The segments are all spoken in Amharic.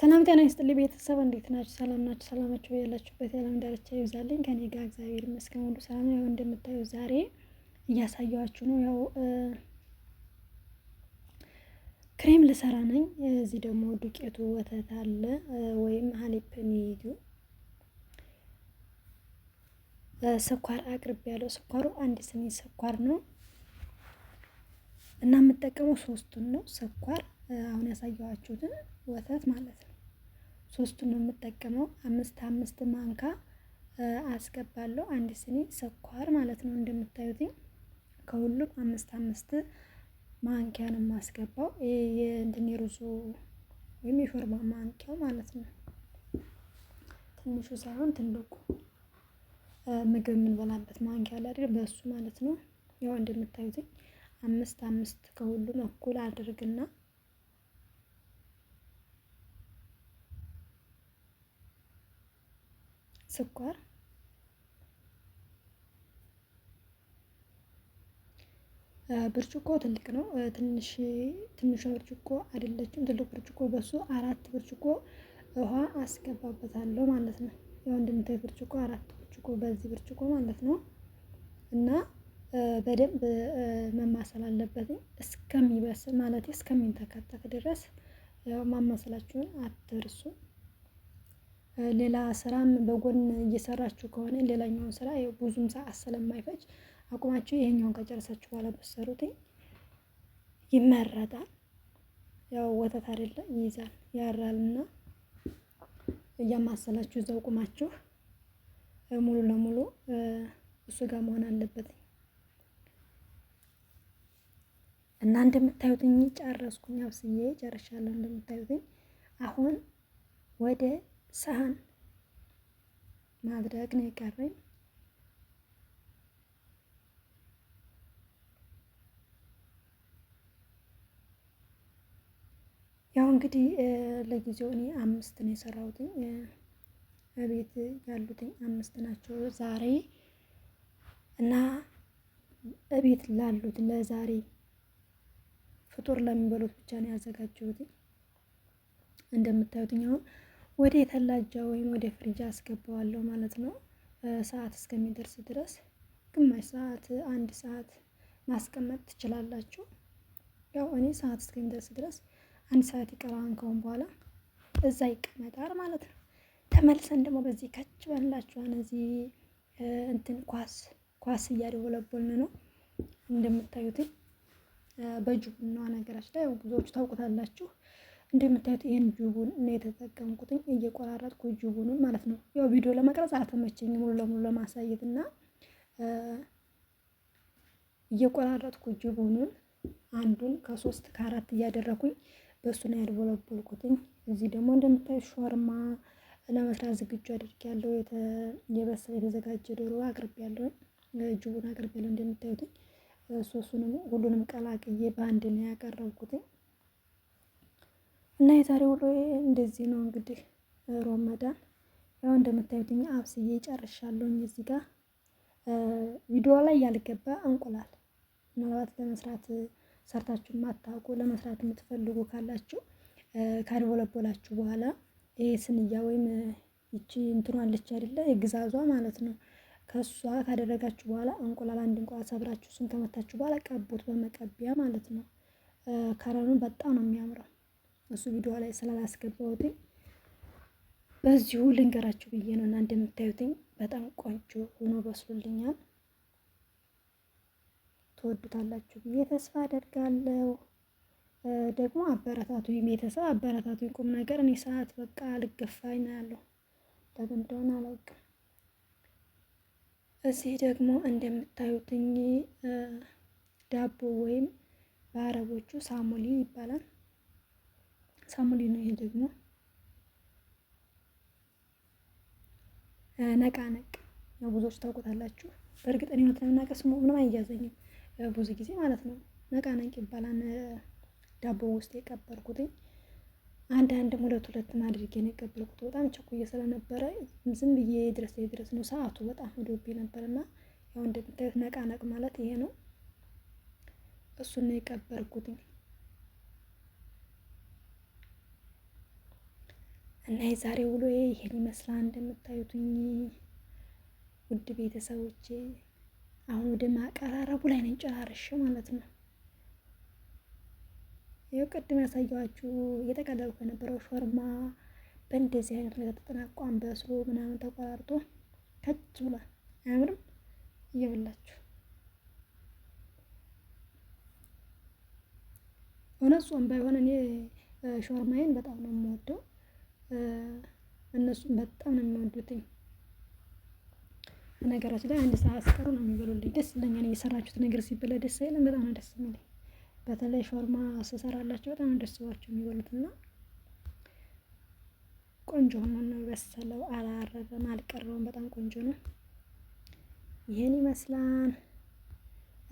ሰላም ጤና ይስጥልኝ ቤተሰብ፣ እንዴት ናችሁ? ሰላም ናችሁ? ሰላማችሁ ያላችሁበት የዓለም ዳርቻ ይብዛልኝ። ከኔ ጋር እግዚአብሔር ይመስገን ሁሉ ሰላም። ያው እንደምታዩ ዛሬ እያሳየኋችሁ ነው። ያው ክሬም ልሰራ ነኝ። እዚህ ደግሞ ዱቄቱ ወተት አለ ወይም ሀሊፕ ሚዱ ስኳር አቅርብ ያለው ስኳሩ አንድ ስኒ ስኳር ነው እና የምጠቀመው ሶስቱን ነው። ስኳር አሁን ያሳየኋችሁትን ወተት ማለት ነው። ሶስቱን ነው የምጠቀመው። አምስት አምስት ማንካ አስገባለሁ። አንድ ስኒ ስኳር ማለት ነው። እንደምታዩትኝ ከሁሉም አምስት አምስት ማንኪያ ነው የማስገባው። የእንትን የሩዙ ወይም የሾርባ ማንኪያው ማለት ነው። ትንሹ ሳይሆን ትልቁ ምግብ የምንበላበት ማንኪያ ላይ አይደል? በሱ ማለት ነው። ያው እንደምታዩትኝ አምስት አምስት ከሁሉም እኩል አድርግና ስኳር፣ ብርጭቆ ትልቅ ነው። ትንሽ ትንሿ ብርጭቆ አይደለችም፣ ትልቅ ብርጭቆ። በሱ አራት ብርጭቆ ውሃ አስገባበታለሁ ማለት ነው። ያው እንደምታይ ብርጭቆ አራት ብርጭቆ በዚህ ብርጭቆ ማለት ነው እና በደንብ መማሰል አለበት እስከሚበስል ማለት እስከሚንተከተክ ድረስ ያው ማማሰላችሁን አትርሱ። ሌላ ስራም በጎን እየሰራችሁ ከሆነ ሌላኛውን ስራ ብዙም ሰዓት ስለማይፈጅ አቁማችሁ ይሄኛውን ከጨረሳችሁ በኋላ ብትሰሩትኝ ይመረጣል። ያው ወተት አይደለ ይይዛል ያራልና እያማሰላችሁ እዛው ቁማችሁ ሙሉ ለሙሉ እሱ ጋር መሆን አለበት እና እንደምታዩትኝ ጨረስኩኝ። አብስዬ ጨርሻለሁ። እንደምታዩትኝ አሁን ወደ ሳህን ማድረግ ነው የቀረኝ። ያው እንግዲህ ለጊዜው እኔ አምስት ነው የሰራሁትኝ ቤት ያሉትኝ አምስት ናቸው ዛሬ እና እቤት ላሉት ለዛሬ ፍጡር ለሚበሉት ብቻ ነው ያዘጋጀሁት። እንደምታዩትኝ አሁን ወደ የተላጃ ወይም ወደ ፍሪጅ አስገባዋለሁ ማለት ነው። ሰዓት እስከሚደርስ ድረስ ግማሽ ሰዓት፣ አንድ ሰዓት ማስቀመጥ ትችላላችሁ። ያው እኔ ሰዓት እስከሚደርስ ድረስ አንድ ሰዓት ይቀራን ከሆን በኋላ እዛ ይቀመጣል ማለት ነው። ተመልሰን ደግሞ በዚህ ከች በላችኋን እዚህ እንትን ኳስ ኳስ እያደወለቦልን ነው እንደምታዩትኝ በእጅ ቡና ነገራች ላይ ብዙዎቹ ታውቁታላችሁ። እንደምታዩት ይህን ጁቡን ነው የተጠቀምኩትኝ እየቆራረጥኩ ጁቡኑን ማለት ነው። ያው ቪዲዮ ለመቅረጽ አልተመቸኝ ሙሉ ለሙሉ ለማሳየት እና እየቆራረጥኩ ጁቡኑን አንዱን ከሶስት ከአራት እያደረኩኝ በእሱ ነው ያልቦለቦልኩትኝ። እዚህ ደግሞ እንደምታዩ ሾርማ ለመስራት ዝግጁ አድርግ ያለው የበሰለ የተዘጋጀ ዶሮ አቅርብ ያለውን ጁቡን አቅርብ ያለው እንደምታዩትኝ ሶሱንም ሁሉንም ቀላቅዬ በአንድ ነው ያቀረብኩትኝ። እና የዛሬ ውሎ እንደዚህ ነው እንግዲህ ሮመዳን ያው እንደምታዩትኝ አብስዬ ጨርሻለሁኝ። እዚህ ጋር ቪዲዮ ላይ ያልገባ እንቁላል ምናልባት ለመስራት ሰርታችሁ ማታውቁ ለመስራት የምትፈልጉ ካላችሁ ካድቦለቦላችሁ በኋላ ይሄ ስንያ ወይም ይቺ እንትኗ አለች አይደለ? የግዛዟ ማለት ነው። ከእሷ ካደረጋችሁ በኋላ እንቁላል አንድ እንቁላል ሰብራችሁ እሱን ከመታችሁ በኋላ ቀቡት በመቀቢያ ማለት ነው። ከረኑ በጣም ነው የሚያምረው። እሱ ቪዲዮ ላይ ስላላስገባሁትኝ በዚሁ ልንገራችሁ ብዬ ነው። እና እንደምታዩትኝ በጣም ቆንጆ ሆኖ በስሉልኛል። ትወዱታላችሁ ብዬ ተስፋ አደርጋለሁ። ደግሞ አበረታቱ ቤተሰብ አበረታቱ። ቁም ነገር እኔ ሰዓት በቃ ልገፋኝ ነው ያለው። ለምን እንደሆነ አላውቅም። እዚህ ደግሞ እንደምታዩትኝ ዳቦ ወይም በአረቦቹ ሳሙሊ ይባላል። ሳሙሊ ነው። ይሄ ደግሞ ነቃነቅ ነው። ብዙዎች ታውቁታላችሁ። በእርግጥ እኔ ለመናገር ስሙ ምንም አይያዘኝም ብዙ ጊዜ ማለት ነው። ነቃነቅ ይባላል። ዳቦ ውስጥ አንድ አንዳንድም ሁለት ሁለትም አድርጌ ነው በጣም ቸኩዬ ስለነበረ ዝም ብዬ ድረስ ድረስ ነው ሰዓቱ በጣም ሄዶብኝ ነበር እና ያው እንደምታዩት ነቃነቅ ማለት ይሄ ነው። እሱን ነው የቀበልኩትኝ። እና የዛሬ ውሎ ይሄን ይመስላል እንደምታዩትኝ ውድ ቤተሰቦቼ። አሁን ወደ ማቀራረቡ ላይ ነኝ ጨራርሼ ማለት ነው። ይኸው ቅድም ያሳየኋችሁ እየጠቀለልኩ የነበረው ሾርማ በእንደዚህ አይነት ሁኔታ ተጠናቋን በስሎ ምናምን ተቆራርጦ ከች ብሏል። አያምርም? እየበላችሁ እውነት ጾም ባይሆን እኔ ሾርማዬን በጣም ነው የምወደው። እነሱም በጣም ነው የሚወዱትኝ። ነገራችን ላይ አንድ ሰዓት ሲቀሩ ነው የሚበሉልኝ። ደስ ይለኛል። እየሰራችሁት ነገር ሲበላ ደስ አይልም? በጣም ነው ደስ የሚለኝ። በተለይ ሾርማ ስሰራላቸው በጣም ደስ ብሏቸው የሚበሉትና ቆንጆ ሆኖ ነው የበሰለው። አላረበም፣ አልቀረበም። በጣም ቆንጆ ነው። ይህን ይመስላል።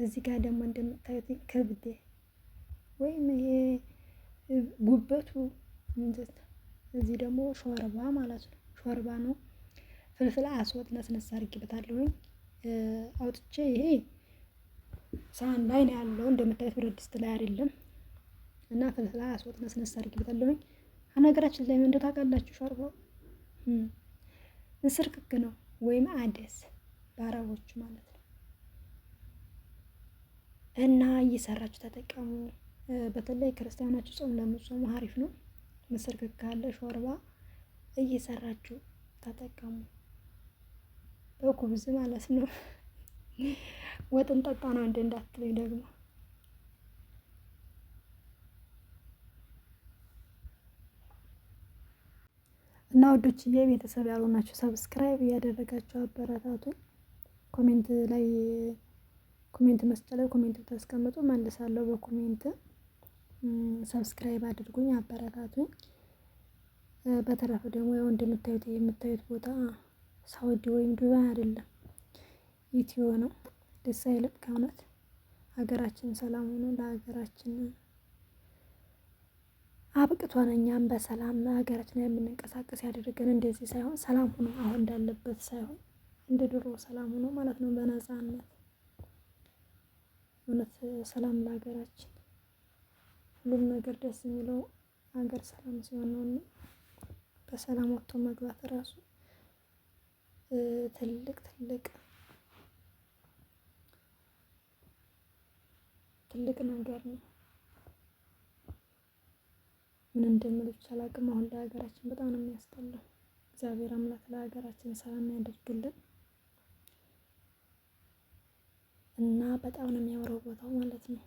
እዚህ ጋር ደግሞ እንደምታዩት ከብዴ ወይም ይሄ ጉበቱ ምንድን ነው እዚህ ደግሞ ሾርባ ማለት ነው። ሾርባ ነው። ፍልፍል አስወጥ ነስነስ አድርጌበታለሁኝ አውጥቼ። ይሄ ሳህን ላይ ነው ያለው እንደምታዩት፣ ብረት ድስት ላይ አይደለም። እና ፍልፍል አስወጥ ነስነስ አድርጌበታለሁኝ። ከነገራችን ላይ ምን ታውቃላችሁ፣ ሾርባው ምስር ክክ ነው ወይም አደስ በአረቦቹ ማለት ነው። እና እየሰራችሁ ተጠቀሙ። በተለይ ክርስቲያኖች ጾም ለምጾሙ አሪፍ ነው። ምስር ክክ ካለ ሾርባ እየሰራችሁ ተጠቀሙ። በኩብዝ ማለት ነው። ወጥን ጠጣ ነው እንደ እንዳትለኝ ደግሞ እና ወዶችዬ ቤተሰብ ያልሆናችሁ ሰብስክራይብ እያደረጋችሁ አበረታቱን። ኮሜንት ላይ ኮሜንት መስጫ ላይ ኮሜንት ብታስቀምጡ መልሳለሁ በኮሜንት ሰብስክራይብ አድርጉኝ፣ አበረታቱኝ። በተረፈ ደግሞ ያው እንደምታዩት የምታዩት ቦታ ሳውዲ ወይም ዱባይ አይደለም ኢትዮ ነው። ደስ አይልም ከእውነት። ሀገራችን ሰላም ሆኖ ለሀገራችን አብቅቷን እኛም በሰላም ሀገራችን የምንንቀሳቀስ ያደረገን እንደዚህ ሳይሆን ሰላም ሆኖ አሁን እንዳለበት ሳይሆን እንደ ድሮ ሰላም ሆኖ ማለት ነው በነፃነት እውነት ሰላም ለሀገራችን ሁሉም ነገር ደስ የሚለው ሀገር ሰላም ሲሆን ነው። በሰላም ወጥቶ መግባት ራሱ ትልቅ ትልቅ ትልቅ ነገር ነው። ምን እንደምል ብቻ አላውቅም። አሁን ለሀገራችን በጣም ነው የሚያስጠላው። እግዚአብሔር አምላክ ለሀገራችን ሰላም ያደርግልን እና በጣም ነው የሚያምረው ቦታው ማለት ነው።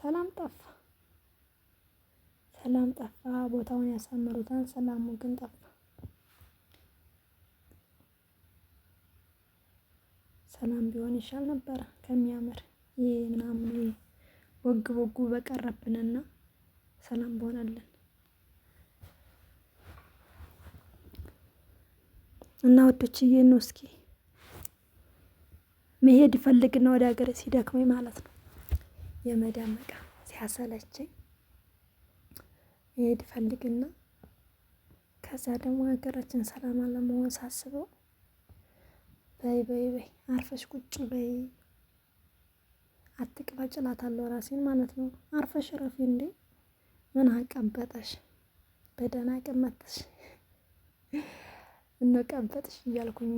ሰላም ጠፋ። ሰላም ጠፋ። ቦታውን ያሳምሩታል፣ ሰላሙ ግን ጠፋ። ሰላም ቢሆን ይሻል ነበረ ከሚያምር ይህ ምናምን ወግ ወጉ በቀረብንና ሰላም በሆነልን እና ወዶች ይህን እስኪ መሄድ ይፈልግና ወደ ሀገር ሲደክመኝ ማለት ነው። የመዳመቃ ሲያሰለችኝ ይሄድ ፈልግና ከዛ ደግሞ ሀገራችን ሰላም አለመሆን ሳስበው በይ በይ በይ አርፈሽ ቁጭ በይ አትቅበጭ እላታለሁ ራሴን ማለት ነው። አርፈሽ ረፊ እንዴ ምን አቀበጠሽ? በደህና ቀመጥሽ እነ እያልኩኝ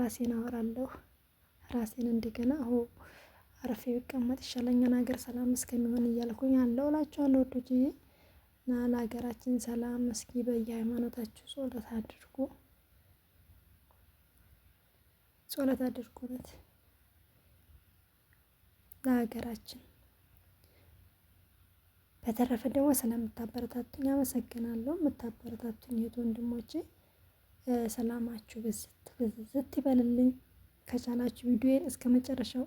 ራሴን አወራለሁ ራሴን እንደገና አረፌ ብቀመጥ ይሻለኛል ሀገር ሰላም እስከሚሆን እያልኩኝ አለው እላችኋለሁ ወዶችዬ እና ለሀገራችን ሰላም እስኪ በየሃይማኖታችሁ ጸሎት አድርጉ ጸሎት አድርጉለት ለሀገራችን። በተረፈ ደግሞ ስለምታበረታቱኝ አመሰግናለሁ። የምታበረታቱኝ የት ወንድሞቼ ሰላማችሁ ብዝት ብዝት ይበልልኝ። ከቻላችሁ ቪዲዮዬን እስከ መጨረሻው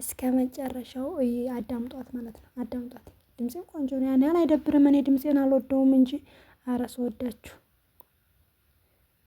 እስከ መጨረሻው አዳምጧት ማለት ነው። አዳምጧት። ድምፄ ቆንጆ ነው። ያን ያህል አይደብርም። እኔ ድምፄን አልወደውም እንጂ አረስ ወዳችሁ